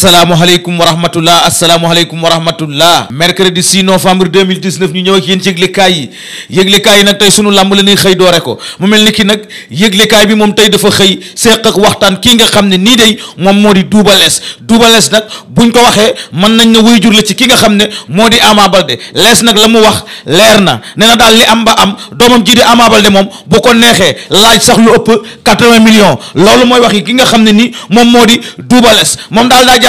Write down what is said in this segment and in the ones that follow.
asalaamaaleykum wa rahmatullah asalaamaaleykum wa rahmatullah mercredi 6 novembre 2019 ñu ñëw ak yéen ci yëglekaay yi yëglekaay yi nag tey sunu làmb la ñuy xëy doore ko mu mel ni ki nag yëglekaay bi moom tey dafa xëy seq waxtaan kii nga xam ne nii day moom moo di Double Less Double Less nag buñ ko waxee mën nañ ne waajur la ci ki nga xam ne moo di Ama Baldé nag la mu wax leer na nee na daal li am ba am doomam jii di Ama Baldé moom bu ko neexee laaj sax lu ëpp 80 millions loolu mooy wax yi ki nga xam ne nii moom moo di Double Less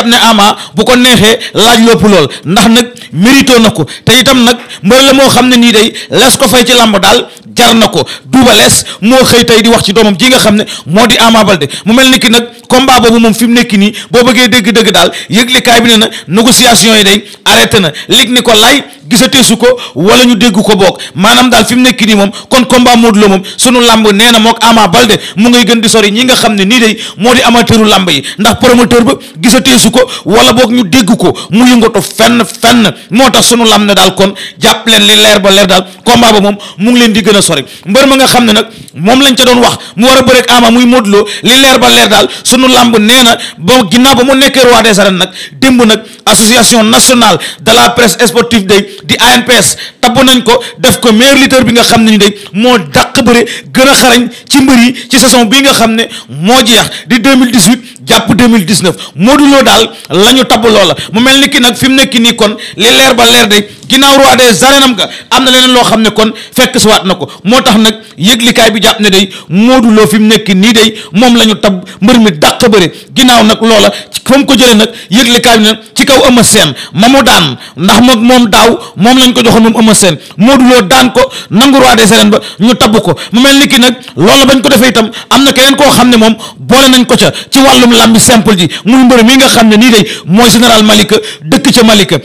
jàpp ne ama bu ko neexee laaj lopp lool ndax nag mérito na ko te itam nag mbër la moo xam ne nii day lees ko fay ci làmb daal jar na ko duuba lees moo xëy tey di wax ci doomam ji nga xam ne moo di Ama Baldé mu mel ni ki nag combat boobu moom fi mu nekk nii boo bëggee dégg-dëgg daal yëglekaay bi ne na négociation yi day arrêté na lig ni ko lay gisatee su ko wala ñu dégg ko boog maanaam daal fi mu nekk nii moom kon combat Modou Lo moom sunu làmb nee na mook Ama Baldé mu ngay gën di sori ñi nga xam ne nii day moo di amateuru làmb yi ndax promoteur ba gisatee su ko wala boog ñu dégg ko mu yëngatu fenn fenn moo tax sunu làmb ne daal kon jàpp leen li leer ba leer daal combat ba moom mu ngi leen di gën a sori mbër ma nga xam ne nag moom lañ ca doon wax mu war a bëreeg Ama muy Modou Lo li leer ba leer daal sunu làmb nee na ba ginnaaw ba mu nekkee roi des arènes nag démb nag association nationale de la press sportive day di ANPS tabbu nañ ko def ko meilleur lutteur bi nga xam ne ñu day moo dàq bëre gën a xarañ ci mbër ci saison bii nga xam ne moo jeex di deux mille 2018 jàpp mille 2019 Modou Lo daal la ñu tabb loola mu mel ni ki nag fi mu nekk nii kon li leer ba leer day ginnaaw roi des arènes am nga am na leneen loo xam ne kon fekk si waat na ko moo tax nag yëglikaay bi jàpp ne day Modou Lo fi mu nekk nii day moom la ñu tab mbër mi dàq bëre ginnaaw nag loola fa mu ko jëlee nag yëglikaay bi nag ci kaw Eumeu Sène ma mu daan ndax moom moom daaw moom lañ ko joxoon moom Eumeu Sène Modou Lo daan ko nangu roi des arènes ba ñu tabb ko mu mel ni ki nag loola bañ ko defee itam am na keneen koo xam ne moom boole nañ ko ca ci wàllum làmbi simple ji muy mbër mi nga xam ne nii day mooy général Malika dëkk ca Malika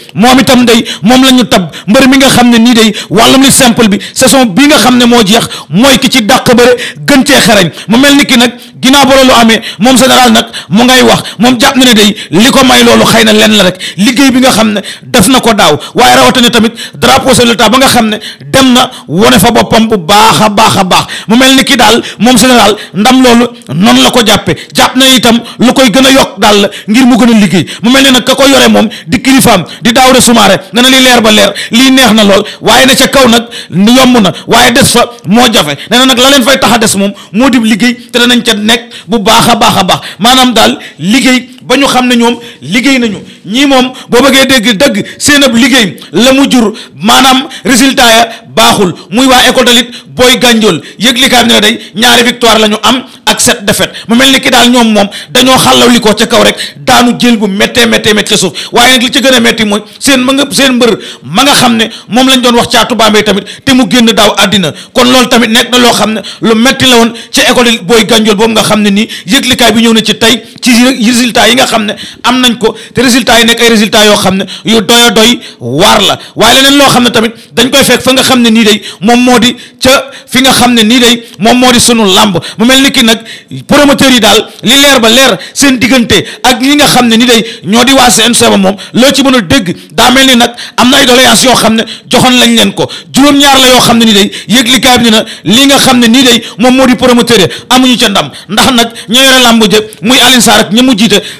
tab mbër mi nga xam ne nii day wàllum li simple bi son bi nga xam ne moo jeex mooy ki ci dàq bëre gën cee xarañ mu mel ni ki nag ginnaaw ba loolu amee moom général nag mu ngay wax moom jàpp na ne day li ko may loolu xëy na lenn la rek liggéey bi nga xam ne def na ko daaw waaye rawatina tamit drapeau sur le ba nga xam ne dem na wone fa boppam bu baax a baax a baax mu mel ni ki daal moom général ndam loolu noonu la ko jàppe jàpp na itam lu koy gën a yokk daal la ngir mu gën liggéey mu mel ne nag ka ko yore moom di kilifaam di daaw de sumaare na na li leer ba leer lii neex na lool waaye ne ca kaw nag yomb na waaye des sa moo jafe nee nag la leen fay tax a des moom moo di liggéey te danañ ca nekk bu baax a baax a baax maanaam daal liggéey ba ñu xam ne ñoom liggéey nañu ñii moom boo bëggee dégg dëgg seen ab liggéey la mu jur maanaam résultat ya baaxul muy waa école de booy gànjool yëglikaay bi ne day ñaari victoire la ñu am ak sept défaites mu mel ni ki daal ñoom moom dañoo xàllaw li ko ca kaw rek daanu jël bu méttee méttee métti ca suuf waaye nag ci gën a métti mooy seen ma nga seen mbër ma nga xam ne moom lañ doon wax caatu Bambey tamit mu génn daaw àddina kon loolu tamit nekk na loo xam ne lu métti la woon école booy gànjool boobu nga xam ne nii yëglikaay bi ñëw na ci tey ci résultat yi nga xam ne am nañ ko te résultat waaye nekk ay résultats yoo xam ne yu doy a doy waar la waaye leneen loo xam ne tamit dañ koy fekk fa nga xam ne nii day moom moo di ca fi nga xam ne nii day moom moo di sunu làmb mu mel ni ki nag promoteurs yi daal li leer ba leer seen diggante ak ñi nga xam ne nii day ñoo di waa CNG ba moom loo ci mën a dégg daa mel ni nag am na ay doléances yoo xam ne joxoon lañ leen ko juróom-ñaar la yoo xam ne nii day yëg li na li nga xam ne nii day moom moo di promoteur yi amuñu ca ndam ndax nag ñoo yore làmb jë muy Alioune Sarr ak ñi mu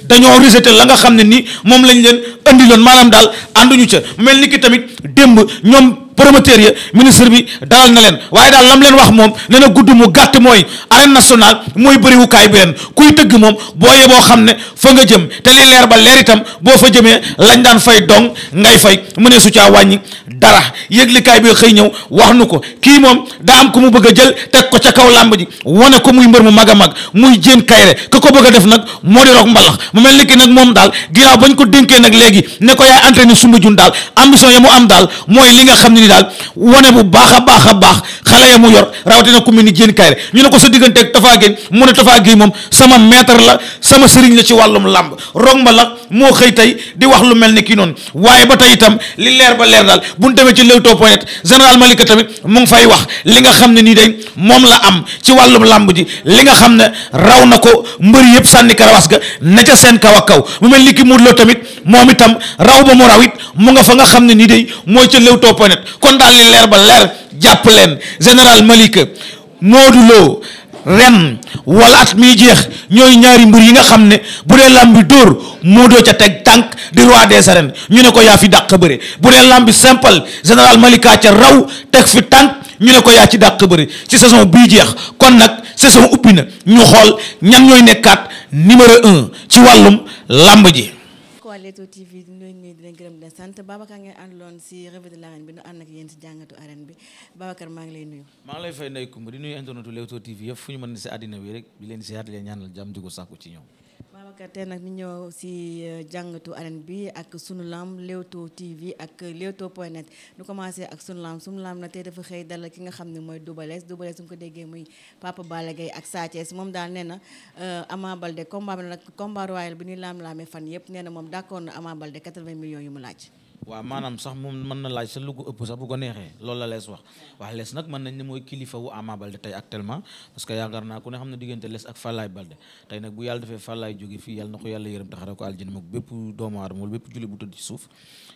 dañoo rejeté la nga xam ne nii moom lañ leen loon maanaam daal ànduñu ca mel ni ki tamit démb ñoom promoteur ya ministre bi dalal na leen waaye daal lam leen wax moom nee na gudd mu gàtt mooy arène nationale mooy bëriwukaay bi leen kuy tëgg moom boo yeboo xam ne fa nga jëm te li leer ba leer itam boo fa jëmee lañ daan fay dong ngay fay mu ne su caa wàññi dara yëglikaay bi xëy ñëw wax nu ko kii moom daa am ku mu bëgg a jël teg ko ca kaw làmb ji wane ko muy mbër mu mag a mag muy jéen kayre ka ko bëgg a def nag moo di roog mbalax mu mel ni ki nag moom daal ginnaaw bañ ko dénkee nag léegi ne ko yaay entraîné sumba jun daal ambition ya mu am daal ni daal wane bu baax a baax a baax xale ya mu yor rawatina ku mel ni Diène Kaïré ñu ne ko sa diggante ak Tapha Guèye mu ne Tapha Guèye moom sama maître la sama sëriñ la ci wàllum làmb rog ma la moo xëy tey di wax lu mel ni kii noonu waaye ba tey itam li leer ba leer daal bu nu demee ci Leewtoo point général Malika tamit mu ngi fay wax li nga xam ne nii day moom la am ci wàllum làmb ji li nga xam ne raw na ko mbëri yëpp sànni karawaas ga na ca seen kaw mu mel ni ki Modou Lo tamit moom itam raw ba mu raw it mu nga fa nga xam ne nii day mooy ca Leewtoo point kon daal li leer ba leer jàpp leen général Malika Modou Lo ren wala at miy jeex ñooy ñaari mbër yi nga xam ne bu dee làmbi dóor moo doo ca teg tànk di roi des arènes ñu ne ko yaa fi dàq bëre bu dee làmb simple général Malika ca raw teg fi tànk ñu ne ko yaa ci dàq bëre ci saison bii jeex kon nag saison ubbi na ñu xool ñan ñooy nekkaat numéro un ci wàllum làmb ji. waa Leewtoo TV di leen nuyu di leen gërëm sant leen sant Babacar ngeen àndaloon si revue de l'arène bi nu ànd ak yéen si jàngatu arène bi Babacar maa ngi lay nuyu. maa ngi lay fay Ndeye Coumba di nuyu internetu Leewtoo TV yëpp fu ñu mën si àddina bi rek di leen si yaatu leen ñaanal jàmm di ko sàkku ci ñoom. Babacar tey nag ñu ñëw si euh, jàngatu arène bi ak sunu lamb Leewtoo TV ak Leewtoo point net ñu commencé ak sunu lamb sunu lamb nag tey dafa xëy dalal ki nga xam ne mooy Double Less Double Less su mu ko déggee muy Papa Balla Gaye ak Sa moom daal nee na euh, Ama Baldé combat bi nag combat royal bi ñuy laam-laamee fan yëpp nee na moom d'accord na Ama Baldé 80 millions yu mu laaj. waaw maanaam sax moom mën na laaj sa lu ko ëpp sax bu ko neexee loolu la lees wax wax lees nag mën nañ ne mooy kilifa wu Ama Balde tey actuellement parce que yaakaar naa ku ne xam ne diggante lees ak Fallaye Balde tey nag bu yàlla defee na ko yàlla yërëm taxare ko aljana moom bépp doomu aadama bépp julli bu tëdd ci suuf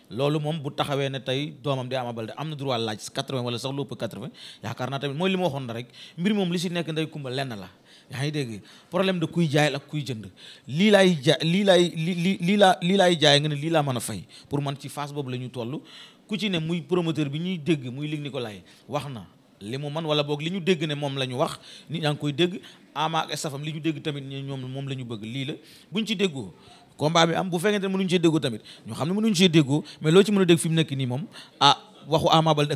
loolu moom bu taxawee ne tey doomam di Ama Balde am na droit laaj 80 wala sax lu ëpp 80 yaakaar naa tamit mooy li ma waxoon rek mbir moom li si nekk nday kumba lenn la yaa ngi dégg problème de kuy jaay ak kuy jënd lii laay ja lii laay lii lii laa lii laay jaay nga ne lii laa mën a fay pour man ci phase boobu la ñu toll ku ci ne muy promoteur bi ñuy dégg muy Luc Nicolaï wax na li mu man wala boog li ñu dégg ne moom la ñu wax nit ñaa ngi koy dégg Ama ak staffam li ñu dégg tamit ñoom moom la ñu bëgg lii la bu buñ ci déggoo combat bi am bu fekkente ne mënuñu cee déggoo tamit ñoo xam ne mënuñu cee déggoo mais loo ci mën a dégg fi mu nekk nii moom ah waxu Ama Baldé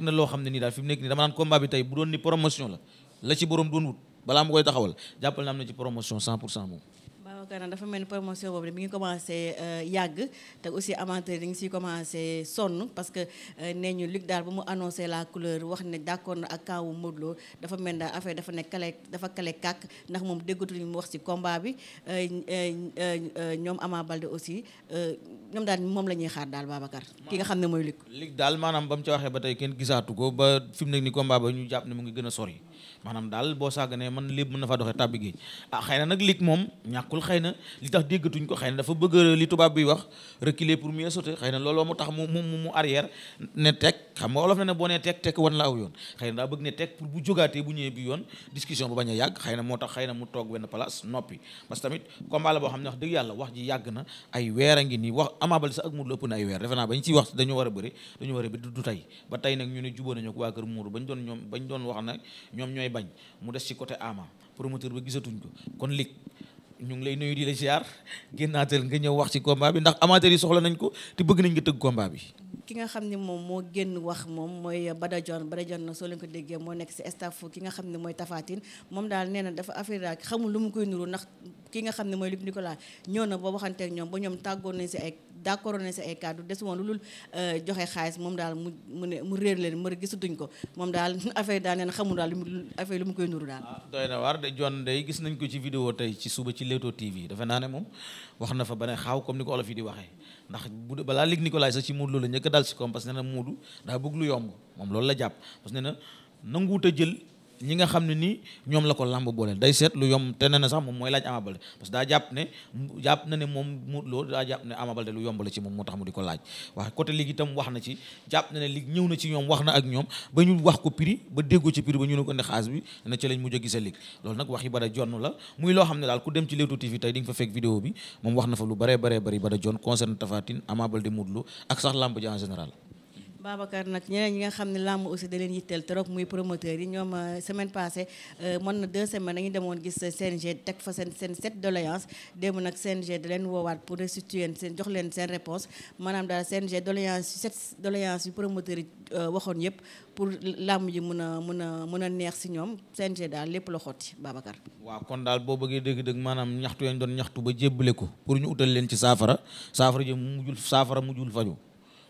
na loo xam ne nii daal fi mu nekk nii dama naan combat tey bu doon ni promotion la la ci borom doon wut balaa mu koy taxawal jàppal na am na ci promotion 100 pour cent moom. Babacar dafa mel ni promotion boobu mi ngi commencé euh, yàgg te aussi amateur yi ngi siy commencé sonn parce que euh, nee ñu Luc daal ba mu annoncé la couleur wax ne d'accord na ak kaawu Modou Lo dafa mel daal affaire dafa ne kale dafa kale kàkk ndax moom déggatul ñu mu wax ci combat bi euh, ñoom Ama Baldé aussi moom la ñuy xaar daal Babacar ki nga xam ne mooy Luc Luc daal maanaam waxee ba tey kenn gisaatu ko ba fi mu nekk ni combat jàpp ne mu ngi gën a sori maanaam daal boo sàgganee man lépp mën na faa doxee tàbbi géej ah xëy na nag lig moom ñàkkul xëy na li tax déggatuñ ko xëy na dafa bëgg li tubaab bi wax reculer pour mieux sauter xëy na looloo mu tax mu mu mu arrière ne teg xam nga olof na ne boo nee teg teg wan la aw yoon xëy na daa bëgg ne teg pour bu jógaatee bu ñëwee bi yoon discussion ba bañ a yàgg xëy na moo tax xay na mu toog benn place noppi parce que tamit combat la boo xam ne yàlla wax ji yàgg na weer a ngi nii wax Ama Baldé sax ak Modou Lô na ay weer wax dañoo war a bëri dañoo war a bëri du tey ne jubóo nañu ko waa kër Modou doon ñoom bañ doon wax nag ñoom ñooy bañ mu des ci côté Ama promoteur ba gisatuñ ko kon lig ngi lay nuyu di la ziar génnaatal nga ñëw wax ci combat bi ndax amateur yi soxla nañ ko te bëgg nañ nga tëgg combat bi ki nga xam ne moom moo génn wax moom mooy Badajon Badajon na soo leen ko déggee moo nekk si staff ki nga xam ne mooy Tapha Tine moom daal nee na dafa affaire daal xamul lu mu koy nuroo ndax ki nga xam ne mooy Luc Nicolas ñëw na ba waxanteeg ñoom ba ñoom tàggoon nañ si ay d'accord nañ si ay kàddu des woon lu lul euh, joxe xaalis moom daal mu mu ne mu réer leen mër ko moom daal affaire daal neen xamul daal lu mu koy nuru daal ah, doy na waar de jon day gis nañ ko ci vidéo tey ci suba ci Leewtoo TV dafa naa ne moom wax na fa ba ne xaaw comme ni ko olof yi di waxee ndax bu balaa Luc Nicolas sax ci Modou Lo la ñëkk dal si koom parce que nee na Modou daa bëgg lu yomb moom loolu la jàpp parce que nee na nanguwut a jël ñi nga xam ne nii ñoom la ko làmb boole day seet lu yom te ne sax moom mooy laaj Ama Baldé parce que daa jàpp ne jàpp na ne moom Modou loo daa jàpp ne Ama Baldé lu yomb la ci moom moo tax mu di ko laaj waaye côté ligue itam wax na ci jàpp na ne ligue ñëw na ci ñoom wax na ak ñoom ba ñu wax ko prix ba déggoo ci prix ba ñu ne ko indi bi na ci lañ mujj a gis loolu nag wax yi bada jonn la muy loo xam ne daal ku dem ci Leewtoo TV tey di nga fa fekk vidéo lu bare bare bari bada jonn concerne Tapha Tine Ama Baldé Modou Lô ak sax Babacar nag ñeneen ñi nga xam ne làmb aussi da leen yitteel trop muy promoteur yi ñoom euh, semaine passée euh, mën na deux semaines dañu demoon gis CNG teg fa seen seen sept doléance démb nag CNG da leen woowaat pour restituer seen jox leen seen réponse maanaam daal CNG doléance yu sept doléance yu promoteur yi euh, waxoon yëpp pour làmm ji mun a mun a mun a neex si ñoom CNG daal lépp la xotti Babacar. waa kon daal boo bëggee dëgg-dëgg maanaam ñaxtu yañ doon ñaxtu ba jébbale ko pour ñu utal leen ci saafara saafara ji mujjul saafara mujjul faju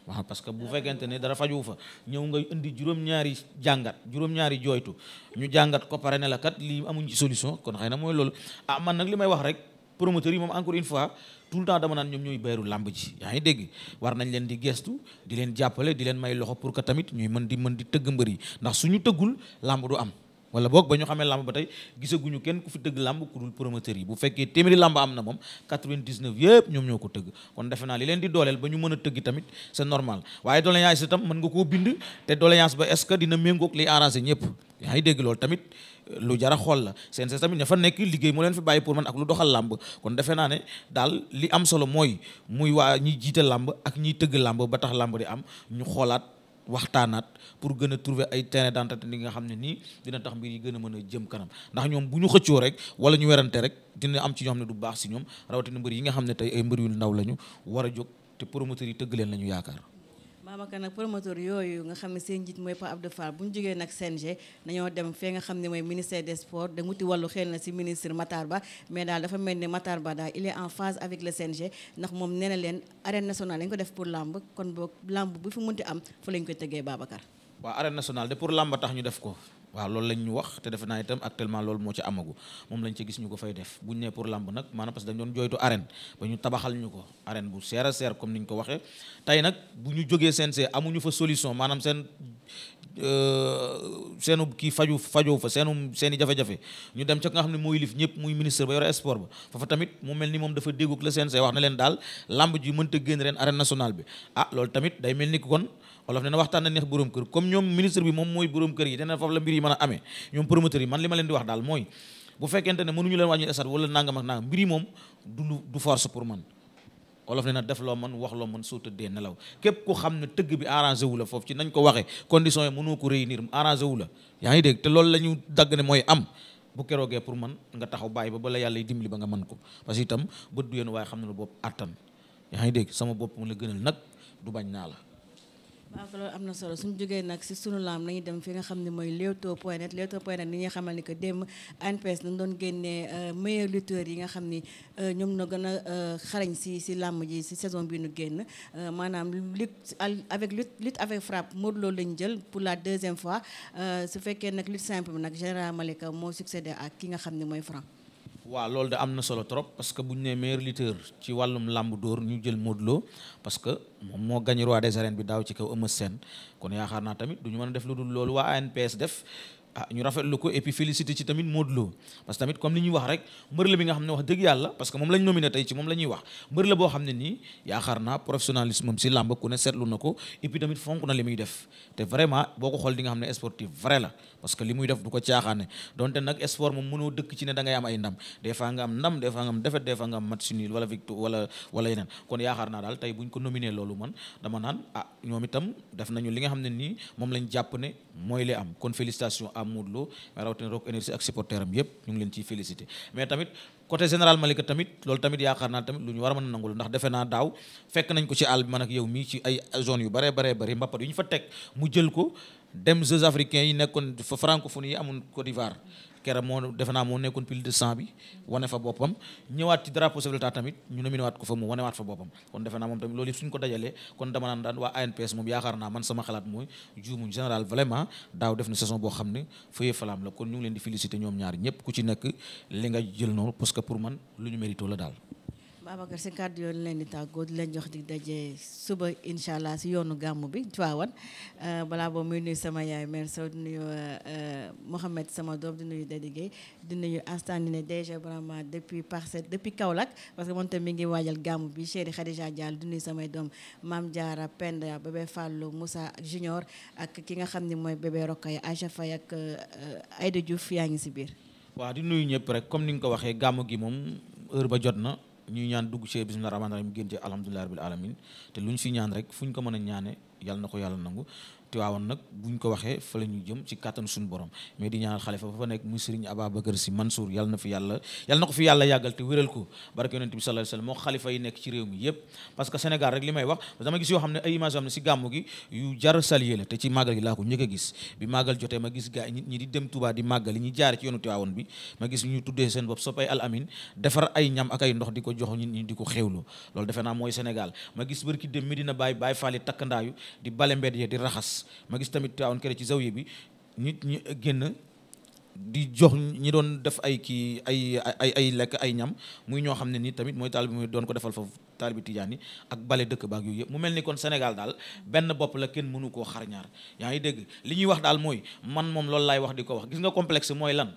waaw parce que bu fekkente ne dara faju fa ñëw nga indi juróom-ñaari jàngat juróom-ñaari jooytu ñu jàngat ko pare la kat lii amuñ ci solution kon xay na mooy loolu ah man nag li may wax rek promoteurs yi moom encore une fois tout le dama naan ñoom ñooy bayru làmb ji yaa ngi dégg war nañ leen di gestu di leen jàppale di leen may loxo pour que tamit ñuy mën di mën di tëgg mbër yi ndax suñu tëggul làmb du am wala boog ba ñu xamee làmb ba tey gisaguñu kenn ku fi tëgg làmb ku dul promoteur yi bu fekkee téeméeri làmb am na moom 99 yëpp ñoom ñoo ko tëgg kon defe naa li leen di dooleel ba ñu mën a tëgg tamit c'est normal waaye doléance tam mën nga koo bind te doléance ba est-ce que dina méngoog liy arrangé ñëpp yaa dégg loolu tamit lu jara xool la CNG tamit ña fa nekk liggéey moo leen fi bàyyi pour man ak lu doxal làmb kon defe naa ne daal li am solo mooy muy waa ñiy jiite làmb ak ñiy tëgg làmb ba tax làmb di am ñu xoolaat waxtaanaat pour gën a trouver ay terrain d'entente li nga xam ne nii dina tax mbir yi gën a mën a jëm kanam ndax ñoom bu ñu xëccoo rek wala ñu werante rek dina am ci ñoo xam ne du baax si ñoom rawatina mbër yi nga xam ne tey ay mbër yu ndaw lañu war a jóg te promoteurs yi tëgg leen lañu yaakaar Babacar nag promoteur yooyu nga xam ne seen njiit mooy Pape Abdou Fall bu ñu jógee xam ne mooy ministère des sports da wuti wàllu xel na si ministre Matar Ba mais daal dafa mel ni Matar Ba daal il est en phase avec le CNG ndax moom nee na leen arène nationale lañ ko def pour làmb kon boo làmb bu fi munti am fa lañ koy tëggee Babacar waaw arène nationale de pour làmba tax ñu def ko waaw loolu lañ ñu wax te defe naa itam actuellement loolu moo ci amagu moom lañ ci gis ñu ko fay def buñ ne pour làmb nag maanaam parce que dañ doon jooytu arène ba ñu tabaxal ñu ko arène bu seer a seer comme ni ñu ko waxee tey nag bu ñu jógee CNG amuñu fa solution maanaam seen euh, seenu kii faju fajoo fa seenu seen i jafe-jafe ñu dem ca nga xam ne mooy lif ñëpp muy ministre ba yore sport ba foofa tamit mu mel ni moom dafa déggoog la CNG wax na leen daal làmb ji mënta génn ren arène nationale bi ah loolu tamit day mel ni kon olof ne na waxtaan na neex borom kër comme ñoom ministre bi moom mooy borom kër yi te ne foofu la mbir yi mën a amee ñoom promoteur yi man li ma leen di wax daal mooy bu fekkente ne mënuñu leen wàññi esat wala nangam ak nangam mbir yi moom du lu pour man olof ne def loo mën wax loo mën soo tëddee nelaw képp ku xam ne tëgg bi arrangé wu la foofu ci nañ ko waxee conditions yi mënoo ko réunir arrangé wu la yaa ngi dégg te loolu la ñu dagg ne mooy am bu keroogee pour man nga taxaw bàyyi ba bala yàlla dimbali ba nga mën ko parce que itam bët du yéen waaye xam na lu bopp attan yaa ngi dégg sama bopp mu la gënal nag du bañ naa waaw loolu am na solo suñu jógee nag si sunu laam nañu dem fi nga xam ni mooy Leewtoo point net Leewtoo point net ni ñuy xamal ni que démb ANPES dañ doon génnee euh, meilleurs lutteurs yi nga xam ni euh, ñoom na gën a euh, xarañ si si làmb ji si saison bi nu génn maanaam lutte avec lutte lutte avec frappe Modou loolu lañ jël pour la deuxième fois su fekkee nag lutte simple bi nag Général Malika moo succédé ak ki nga xam ne mooy Franc waaw loolu de am na solo trop parce que bu ñu nee meilleur lutteur ci wàllum làmb dóor ñu jël Modou Lo parce que moom moo gagné waa des arènes bi daaw ci kaw Eumeu Sène kon yaakaar naa tamit du ñu mën a def lu dul loolu waa ANPS def ah ñu rafetlu ko et puis félicité ci tamit Modou Lo parce que tamit comme li ñuy wax rek mbër la bi nga xam ne wax dëgg yàlla parce que moom lañ nominé am si làmb ku ne seetlu na ko et puis tamit fonk na li muy def te vraiment boo ko xool di nga xam ne sportif vrai la parce que li muy def du ko caaxaane donte nag sport moom mënoo dëkk ci ne da am ay ndam des nga am ndam des nga am défaite des nga am match nul wala victoire wala wala yeneen kon yaakaar naa daal tey buñ ko nominé loolu ah, xam ne nii moom lañ jàpp ne mooy li am kon félicitation à Modou Lo rawatina Rock Énergie ak supporter am yëpp ñu ngi leen ci félicité mais tamit côté général Malika tamit loolu tamit yaakaar naa tamit lu ñu war a mën a nangul ndax defe naa daaw fekk nañ ko ci àll bi man ak yow mii ci ay zone yu baree baree bari mbappat yu ñu fa teg mu jël ko dem Jeux africains yi nekkoon fa francophonie yi amoon Côte d'Ivoire keroog moo defe naa moo nekkoon pile de cent bi wane fa boppam ñëwaat ci drapeau chef de l'État tamit ñu nominé waat ko fa mu wanewaat fa boppam kon defe naa moom tamit loolu yëpp suñ ko dajalee kon dama naan daan waa ANPS moom yaakaar naa man sama xalaat mooy juumuñ général vraiment daaw def na saison boo xam ne fëyee falaam la kon ñu leen di féliciter ñoom ñaar ñëpp ku ci nekk li nga jël noonu que pour man lu ñu mérito la daal Babacar si kàddu leen di tàggoo di leen jox di daje suba incha allah si yoonu gàmm bi Tiwaawan euh, balaa boobu muy nuyu sama yaay mère Sow di nuyu euh, Mouhamed sama doom di nuyu Dadi dina ñu nuyu Astane ne déjà depuis Parcelles depuis Kaolack parce que moom tamit mi ngi waajal gàmm bi chéri Khadija Diall di nuyu samay doom maam jaara Penda bébé Fallou Moussa Junior ak ki nga xam ni mooy bébé Rokhaya Aïcha Faye ak euh, Aïda Diouf yaa ngi si biir. waaw di nuyu ñëpp ni nga ko waxee gàmm gi moom ñuy ñaan dugg ci bismillah rahmaani rahim génn ci alhamdulillahi rabbil alamin te lu ñu fi ñaan rek fu ñu ko mën a ñaane yàlla na ko yàlla nangu Tiwaawoon nag ñu ko waxee fa la ñu jëm ci kàttan suñu borom mais di ñaanal xalifa ba fa nekk muy Serigne Ababacar Sy Mansour yàlla na fi yàlla yàlla na ko fi yàlla yàggal te wéral ko barke nekk ci réew mi yépp parce que Sénégal rek li may wax dama gis yoo xam ne ay image yoo xam ne si gàmmu gi yu jar saluer gi laa ko njëkk a gis bi màggal jotee ma gis gaa ñi di dem Touba di màggal ñi jaare ci yoonu Tiwaawoon bi ma gis ñu tuddee seen bopp soppay Al Amin ay ñam ak ay ndox di ko jox ñi ñi di ko xéewloo loolu defe naa mooy Sénégal ma gis bërki dem Medina Baye Baye Fall yi takkandaayu di bale mbedd ya di raxas ma gis tamit Tivaouane Kër ci zawiya bi nit ñi génn di jox ñi doon def ay kii ay ay ay lekk ay ñam muy ñoo xam ne nii tamit mooy bi muy doon ko defal foofu taalibi Tidiane yi ak bale dëkk baak yooyu yëpp mu mel ni kon Sénégal daal benn bopp la kenn mënu koo xarñaar yaa ngi dégg li ñuy wax daal mooy man moom loolu laay wax di ko wax gis nga complexe mooy lan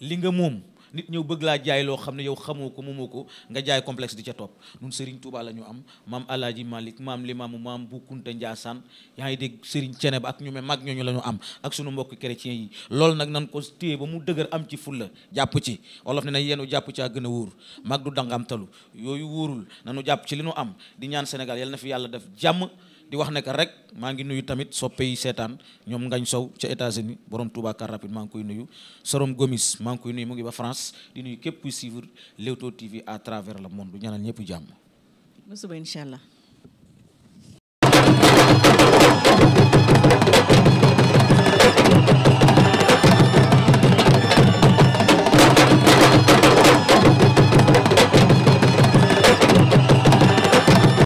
li nga moom nit ñëw bëgg laa jaay loo xam ne yow xamoo ko moomoo ko nga jaay complexe di ca topp nun Serigne Touba la ñu am maam Alaaji Malick maam Limaamu maam Bu Kunta Njaasaan yaa ngi dégg Serigne Ceneb ak ñu me mag ñooñu la ñu am ak sunu mbokk kere chrétiens yi loolu nag nan ko téye ba mu dëgër am ci fulla jàpp ci olof ne na yenu jàpp caa gën a wóor mag du dangam talu yooyu wóorul nanu jàpp ci li nu am di ñaan Sénégal yal na fi yàlla def jàmm di wax ne rek maa ngi nuyu tamit soppe yi seetaan ñoom Ngañ Sow ca États-Unis borom Touba car rapide maa ngi koy nuyu Sorom Gomis maa ngi koy nuyu mu ngi ba France di nuyu képp kuy suivre Leewtoo TV à travers le monde ñaanal ñëpp jàmm. ba suba incha allah.